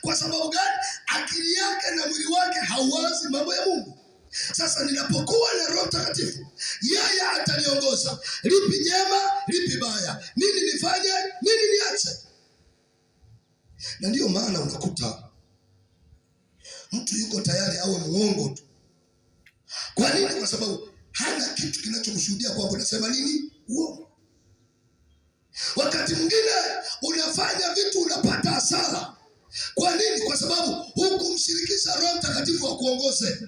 Kwa sababu gani? Akili yake na mwili wake hauwazi mambo ya Mungu. Sasa ninapokuwa na Roho Mtakatifu, yeye ataniongoza lipi jema, lipi baya, nini nifanye, nini niache. Na ndiyo maana unakuta mtu yuko tayari awe muongo tu. Kwa nini? Kwa sababu hana kitu kinachokushuhudia kwamba unasema nini uongo. Wakati mwingine unafanya vitu unapata hasara kwa nini? Kwa sababu hukumshirikisha Roho Mtakatifu wa kuongoze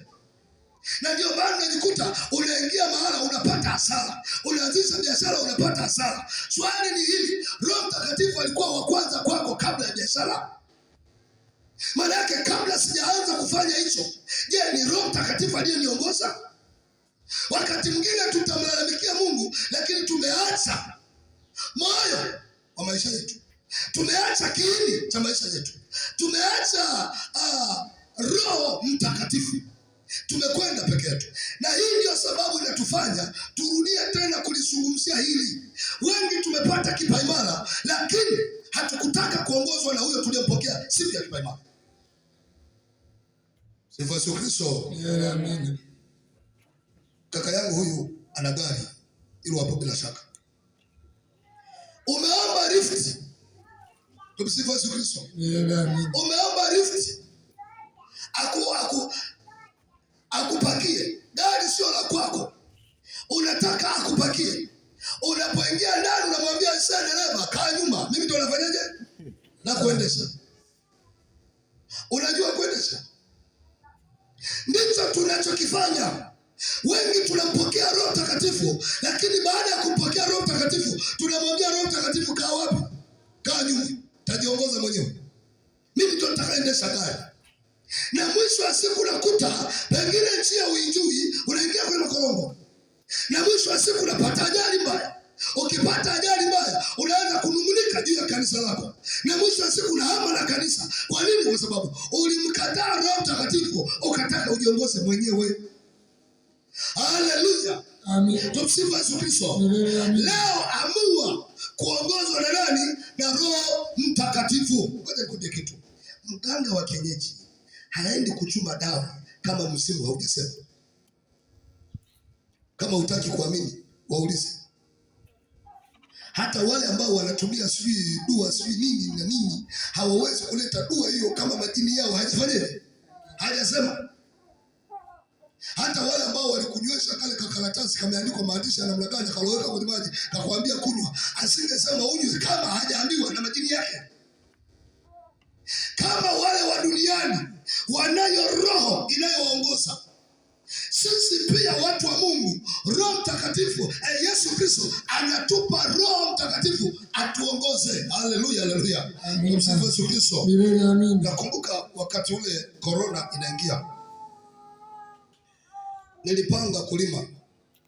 na ndio maana unajikuta unaingia mahala unapata hasara, unaanzisha biashara unapata hasara. Swali ni hili, Roho Mtakatifu alikuwa wa kwanza kwako kabla ya biashara? Maana yake kabla sijaanza kufanya hicho, je, ni Roho Mtakatifu aliyeniongoza? Wakati mwingine tutamlalamikia Mungu, lakini tumeacha moyo wa maisha yetu Tumeacha kiini cha maisha yetu, tumeacha uh, Roho Mtakatifu, tumekwenda peke yetu, na hii ndio sababu inatufanya turudie tena kulizungumzia hili. Wengi tumepata kipaimara, lakini hatukutaka kuongozwa na huyo tuliyopokea siku ya kipaimara. Sifa Kristo. Kaka yangu huyu ana gari ilo hapo, bila shaka umeomba rifti Tumsifu Yesu Kristo. Umeomba lift aku, aku, akupakie gari, sio la kwako, unataka akupakie. Unapoingia ndani unamwambia sasa, dereva kaa nyuma, mimi ndo nafanyaje na kuendesha. Unajua kuendesha ndicho tunachokifanya. Wengi tunampokea Roho Mtakatifu, lakini baada ya kumpokea Roho Mtakatifu tunamwambia Roho Mtakatifu, kaa wapi? Kaa nyuma tajiongoza mwenyewe, mimi ndio nitakaendesha gari. Na mwisho wa siku nakuta pengine njia uijui, unaingia kwenye makorongo, na mwisho wa siku unapata ajali mbaya. Ukipata ajali mbaya, unaanza kunung'unika juu ya kanisa lako, na mwisho wa siku unahama na kanisa. Kwa nini? Kwa sababu ulimkataa Roho Mtakatifu, ukataka ujiongoze mwenyewe. Haleluya, amen. Tumsifu Yesu Kristo. Leo amua kivuo. ngoja nikwambie kitu, mganga wa kienyeji haendi kuchuma dawa kama msimu haujasema. Kama hutaki kuamini, waulize hata wale ambao wanatumia sijui dua sijui nini na nini, hawawezi kuleta dua hiyo kama majini yao hajafanyeje, hajasema. Hata wale ambao walikunywesha kale kakaratasi kameandikwa maandishi ya namna gani, kaloweka kwenye maji, kakwambia kunywa, asingesema unywe kama hajaambiwa na majini yake. fulani wanayo roho inayoongoza. Sisi pia watu wa Mungu, Roho Mtakatifu eh, Yesu Kristo anatupa Roho Mtakatifu atuongoze. Haleluya, haleluya, msifu Yesu Kristo. Nakumbuka wakati ule korona inaingia, nilipanga kulima